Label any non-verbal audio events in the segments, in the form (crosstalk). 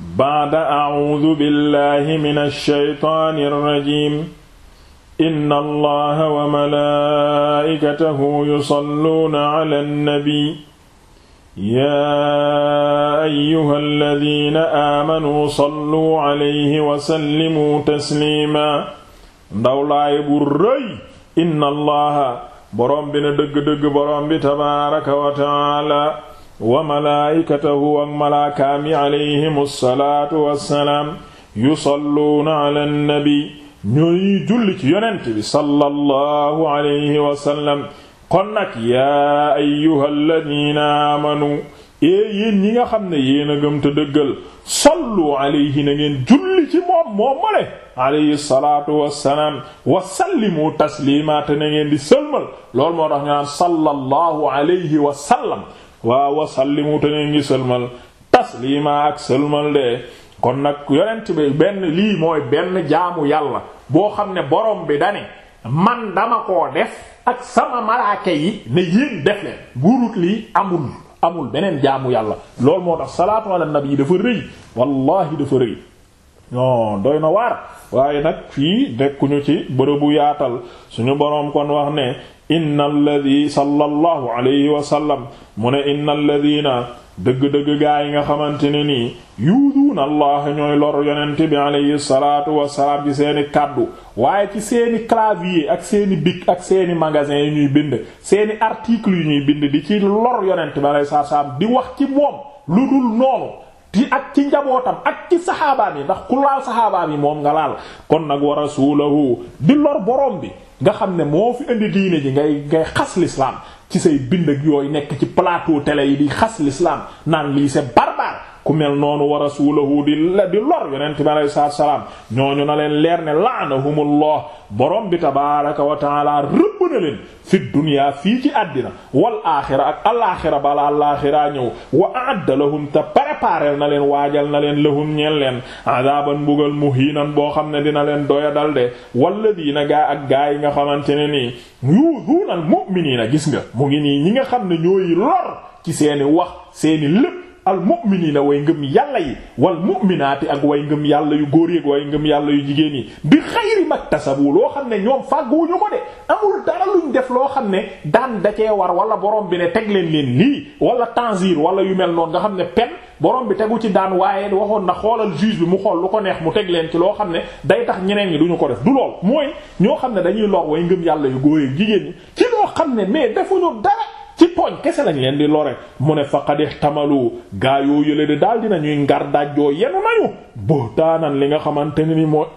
baada acuudu billahi min alsheytaani alrajim inna allaha wa malaa'ikatahu yusalluuna ala annabi yaa ayyuha alladina aamanuu salluu calayhi wa sallimuu tasliima ndaw laay bu rëy inna allaha boroom bi na dëgg-dëgg boroom bi tabaaraka wa tacaala wa malaa'ikatahu ak malaakaam yi alayhimu salaatu wassalaam yusalluuna ala nabi ñooy julli ci yonent bi sallallahu alayhi wa sallam kon nag yaa ayyuhal aamanu ee eh, yéen ñi nga xam ne yéen a gëm te dëggal sallu alayhi na ngeen julli ci moom moom male alayhi salaatu wassalaam wasallimu tasliimaa te na ngeen di sëlmal loolu moo tax ñu naan sallallahu alayhi wa sallam waaw wasallimu te ne ngi sëlmal taslima ak sëlmal de kon nag yonent bi benn lii mooy benn jaamu yàlla boo xam ne borom bi dane man dama koo def ak sama malaaka yi ne yéen def leen lii amul amul beneen jaamu yàlla loolu moo tax salaatu ala nabi dafa rëy wallahi dafa rëy non doy na waar waaye nag fii nekkuñu ci bërëbu yaatal suñu boroom kon wax ne inna alladi sallallahu alayhi wa sallam mu ne inna dëgg-dëgg gaa yi nga xamante ne nii yuuduuna allah ñooy lor yonente bi alayhi salaatu wasalaam ci seeni kàddu waaye ci seeni clavier ak seeni bic ak seeni magasin yi ñuy bind seeni articles yu ñuy bind di ci lor yonente bi alayhi salaatu wasalaam di wax ci moom lu dul noonu ti ak ci njabootam ak ci saxaabaam yi ndax ku laal saxaabaam yi moom nga laal kon nag wa rasulahu di lor borom bi nga xam ne moo fi indi diine ji ngay ngay xas l'islam ci say bind ak yooyu nekk ci plateau télé yi di xas l'islam naan lii c'est barbare ku mel noonu wa rasulahu di di lor yonent bi alayhi salaatu wa salaam ñooñu na leen leer ne laanahumullah borom bi tabaaraka wa ta'aala na leen fi dunya fii ci àddina wal aaxira ak alaaxira balaa laaxiraa ñëw wa a'adda lahum te préparé na leen waajal na leen lahum ñeel leen adaaban mbugal muhiinan boo xam ne dina leen doya dal de walladiina gaa ak gaa yi nga xamante ne nii yuuzuuna al mu'miniina gis nga mu ngi nii ñi nga xam ne ñooy lor ci seeni wax seeni lépp almu'minina way ngëm yàlla yi wal mu'minaati ak way ngëm yàlla yu góor yi ak way ngëm yàlla yu jigéen yi bi xayri maktasabu loo xam ne ñoom fàgguwuñu ko de amul dara luñ def loo xam ne daan da cee war wala boroom bi ne teg leen leen lii wala tanzir wala yu mel noonu nga xam ne pen borom bi tegu ci daan waaye waxoon na xoolal juge bi mu xool lu ko neex mu teg leen ci loo xam ne day tax ñeneen ñi duñu ko def du lool mooy ñoo xam ne dañuy lor way ngëm yàlla yu góor yi jigéen ci tooñ kese lañ leen di lore mu ne faqad tamalu gaa yoo yële de daal dina ñuy ngar dajjoo yenu nañu buhtaanan li nga xamante ni mooy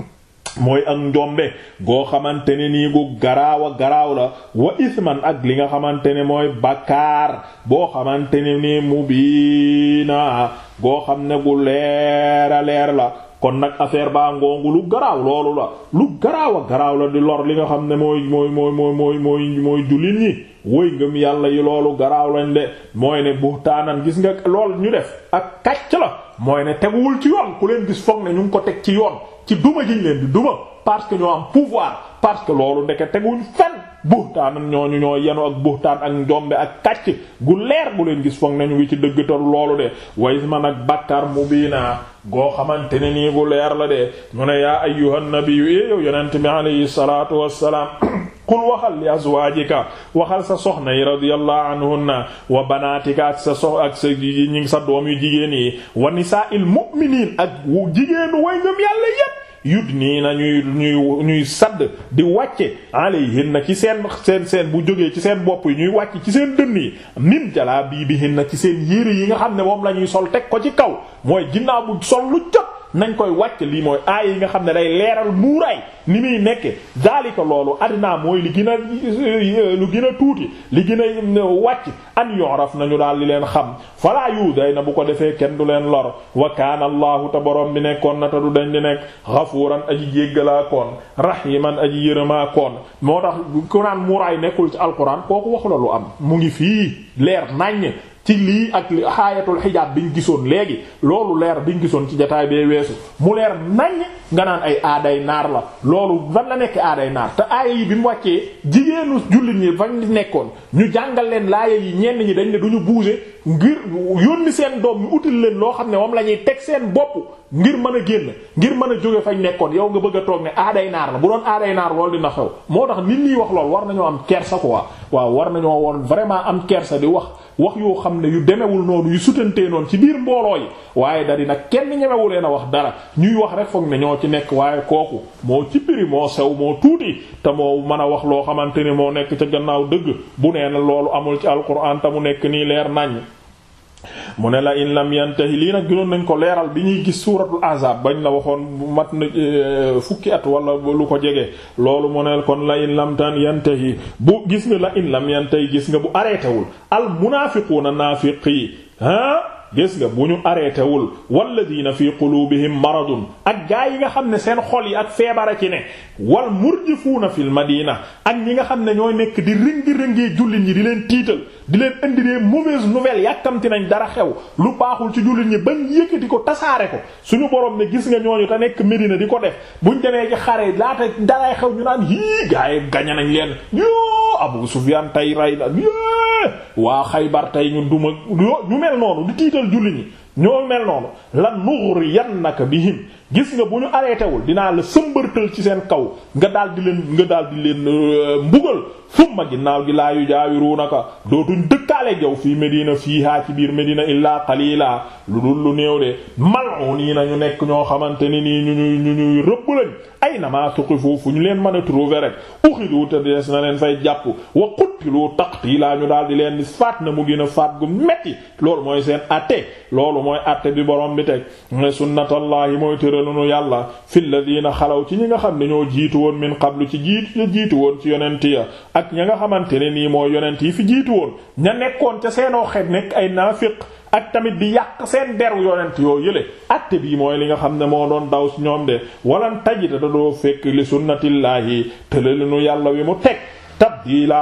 (coughs) mooy ak njombe goo xamante ne nii gu garaaw a garaaw la wa isman ak li nga xamante ne mooy bakkaar boo xamante ne nii mu biina goo xam ne gu leer leer la kon nag affaire baa ngoongu lu garaaw loolu la lu garaaw garaaw la di lor li nga xam ne mooy mooy mooy mooy mooy mooy mooy jullit ñi woy ngëm yàlla yi loolu garaaw lañ de mooy ne buhtaanan gis nga lool ñu def ak kàcc la mooy ne teguwul ci yoon ku leen gis foog ne ñu ngi ko teg ci yoon ci duma jiñ leen di duma parce que ñoo am pouvoir parce que loolu ndeke teguwuñ fen buhtaanan ñooñu ñoo yenu ak buhtaan ak njombe ak kàcc gu leer bu leen gis foog nañu ñu ngi ci dëgg taru loolu de ways man ak bàkkaar mu bii naa goo xamante ne nii gu leer la de mu ne yaa ayyuhan nabiyyu eh yow yonent qul waxal li azwaajika waxal sa soxna yi radiyallahu anhunna wa banaatika ak sa sox ak sa ñi sa doom yu jigéen yi wa nisaa'il mu'miniin ak wu jigéenu way ñoom yàlla yépp yut nii na ñuy ñuy ñuy sadd di wàcce alayhin na ci seen seen seen bu jógee ci seen bopp yi ñuy wàcc ci seen dënn yi min jalaa bii bihin na ci seen yére yi nga xam ne moom lañuy sol teg ko ci kaw mooy ginnaaw bu sol lu jot nañ koy wàcc lii mooy aay yi nga xam ne day leeral muuraay ni muy nekke daalika loolu adnaa mooy li gën a lu gën a tuuti li gën a wàcc an yu'raf nañu daal di leen xam falaa day na bu ko defee kenn du leen lor wa kaana allahu te borom bi nekkoon na te du dañ di nekk ghafuuran aji jéggalaa koon rahiman aji yërëmaa koon moo tax ku naan muuraay nekkul ci alquran kooku waxu la lu am mu ngi fii leer naññ ci lii ak xaayatul xijaab biñ gisoon léegi loolu leer biñ gisoon ci jataay bee weesu mu leer nañ nga naan ay aaday naar la loolu fan la nekk aaday naar te aaya yi bi mu wàccee jigéenu jullit ñi fañ nekkoon ñu jàngal leen laaya yi ñenn ñi dañ ne duñu bouger ngir yónni seen doom ñu util leen loo xam ne moom la ñuy teg seen bopp ngir mën a génn ngir mën a jóge fañ nekkoon yow nga bëgg a toog ne aaday naar la bu doon aaday naar loolu dina xew moo tax nit ñi wax lool war nañoo am kersa quoi waaw war nañoo woon vraiment am kersa di wax wax yoo xam ne yu demewul noonu yu sutantee noon ci biir mbooloo yi waaye da di nag kenn ñemewu leen a wax dara ñuy wax rek foog na ñoo ci nekk waaye kooku moo ci biri moo sew moo tuuti te moo mën a wax loo xamante ne moo nekk ca gannaaw dëgg bu nee na loolu amul ci alquran te mu nekk nii leer nañ mu ne la in lam yantahi lii nag gënoon nañ ko leeral bi ñuy gis suuratul ahzab bañ la waxoon mat na eh, fukki at wala lu ko jege loolu mu ne kon la in lam tan yantahi bu gis nga la in lam yantahi gis nga bu arrêté wul al munaafiquuna naafiqi ha gis nga bu ñu arrêté wul walladina fi qulubihim maradun ak gaa yi nga xam ne seen xol yi ak feebara ci ne wal murjifuuna fil madina ak ñi nga xam ne ñooy nekk di ringi ringee jullit ñi di leen tiital di leen indi des mauvaises nouvelles yàkkamti nañ dara xew lu baaxul ci jullit ñi bañ yëkkati ko tasaare ko suñu borom ne gis nga ñooñu te nekk Medina di ko def buñ demee ci xare laata daray xew ñu naan hii gaa yi gañe nañ leen yoo Abu Sufyan tay ray na waa Xaybar tiital julli ñi ñoo mel noonu la nugriyannaka bihim gis nga bu ñu arrêté wul dinaa la sëmbërtal ci seen kaw nga daal di leen nga daal di leen euh, mbugal fumma ginnaaw gi laa yu jaawiruunaka dootuñ dëkkaale jaw fii Medina fii haa ci biir Medina illaa qalila lu dul lu néew de mal'uniina ñu nekk ñoo xamante ni nii ñu ñuy rëbb lañ aynama tuqifu fu ñu leen man a trouver rek uxidu te des na leen fay jàpp wa qutilu taqtila ñu daal di leen faat na mu gën a faat gu metti loolu mooy seen atte loolu mooy atte bi borom bi teg ne sunnatallahi mooy tëralunu yàlla fil ladina xalaw ci ñi nga xam ne ñoo jiitu woon min qablu ci jiitu ya woon ci yonent ya ak ña nga xamante ne nii mooy yonent yi fi jiitu woon ña nekkoon ca seenoo xeet nekk ay naafiq ak tamit di yàq seen deru yonent yoo yële atte bii mooy li nga xam ne moo doon daw ñoom de walan tajida da doo fekk li sunnatillaahi tëlalinu yàlla wi mu teg tabdila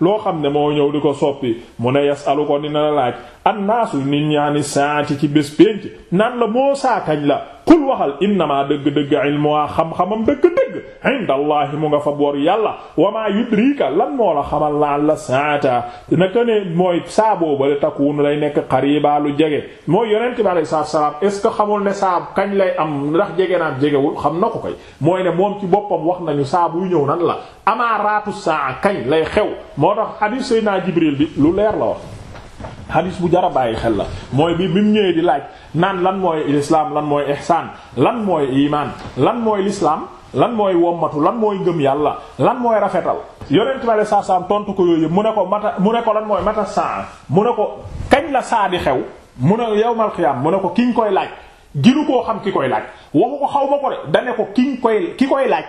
loo xam ne moo ñëw di ko soppi mu ne yasalu ko dina la laaj annaasu nit ñaani saati ci bés pénc naan la moo saakañ la xul waxal innamaa dëgg-dëgg ilmuwaa xam-xamam dëgg-dëgg indallaahi mu nga fa boor yàlla wamaa yudrika lan moo la xamal la la saata naka ne mooy saa boobale takuunu lay nekk xariba lu jege mooy yonent bi alayhi salaatu salaam est ce que xamul ne saa kañ lay am ndax jege naam jegewul xam na ko koy mooy ne moom ci boppam wax nañu saabu buy ñëw nan la amaaraatu saa kañ lay xew moo tax hadith naa Jibril bi lu leer la wax hadis bu jara bàyyi xel la mooy bi bi mu ñëwee di laaj naan lan mooy lislaam lan mooy ihsaan lan mooy iman lan mooy lislaam lan mooy wommatu lan mooy ngëm yàlla lan mooy rafetal yonent bi saa saam ko mu ne ko mata mu ne ko lan mooy mata saa mu ne ko kañ la saa di xew mu ne yawmal qiyaam mu ne ko ki ñu koy laaj ginu koo xam ki koy laaj waxu ko xaw ma ko de dane ko ki ñu koy ki koy laaj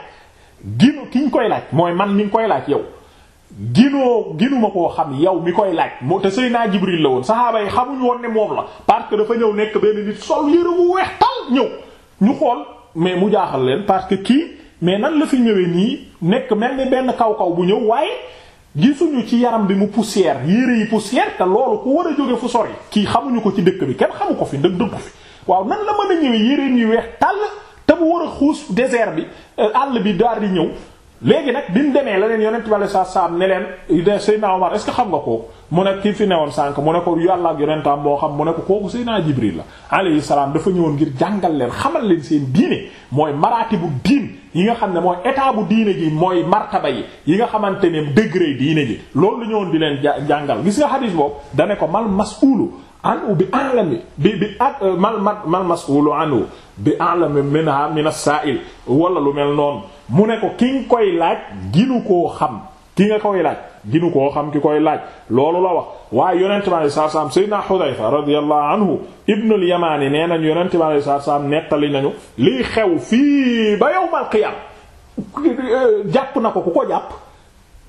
ginu ki ñu koy laaj mooy man mi ngi koy laaj yow. ginoo ginuma koo xam yow mi koy laaj moo te Seydina Jibril la woon saxaaba yi xamuñu woon ne moom la parce que dafa ñëw nekk benn nit sol yëre bu weex tal ñëw ñu xool mais mu jaaxal leen parce que kii mais nan la fi ñëwee nii nekk mel ni benn kaw kaw bu ñëw waaye gisuñu ci yaram bi mu poussière yére yi poussière te loolu ku war a jóge fu sori kii xamuñu ko ci dëkk bi kenn xamu ko fi ndëg dëkk fi waaw nan la mën a ñëwee yére yi weex tàll te bu war a xuus bi euh, àll bi daal di ñëw léegi nag bi mu demee la leen yonent bi sallallahu alayhi wasallam ne leen Seydina Omar est-ce xam nga ko mu ne kii fi newoon sànk mu ne ko yàlla ak yonentam boo xam mu ne ko kooku Seydina Jibril la alayhi salaam dafa ñëwoon ngir jàngal leen xamal leen seen diine mooy maraati bu diin yi nga xam ne mooy état bu diine ji mooy martaba yi yi nga xamante ne degré diine ji loolu la ñëwoon di leen jàngal gis nga xadiis boobu dane ko mal mas'uulu u bi a'lam bi bi ak mal mal mas'uulu anhu bi a'lama minha min as-sa'il wala lu mel noonu mu ne ko ki nga koy laaj ginu koo xam ki nga koy laaj ginu koo xam ki koy laaj loolu la wax waaye yonente bi alayhi salaatu salaam sayyidina Hudayfa radiyallahu anhu ibnu al-Yamaani nee nañ yonente bi alayhi salaatu salaam nettali nañu liy xew fii ba yawmal qiyaam jàpp na ko ku ko jàpp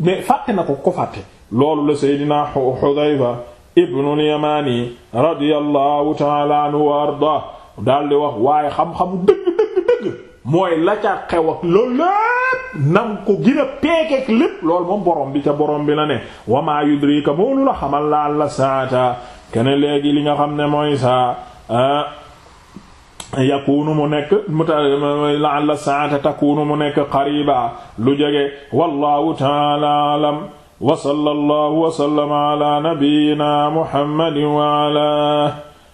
mais fàtte na ko ku ko fàtte loolu la sayyidina Hudayfa ibnu al-Yamaani radiyallahu ta'ala anhu wa ardaa daal di wax waaye xam-xamu dëgg dëgg dëgg mooy la ca xew ak loolu lépp nam ko gën a peekeek lépp loolu borom bi ca borom bi na ne wamaa yudrika moolu la xamal la saata kene léegi li nga xam ne mooy saa ah, yakunu mu nekk muta laal la saata takunu mu nekk qariba lu jege wallahu taala alam wa sallallahu wa sallama ala nabiyyina muhammadin wa ala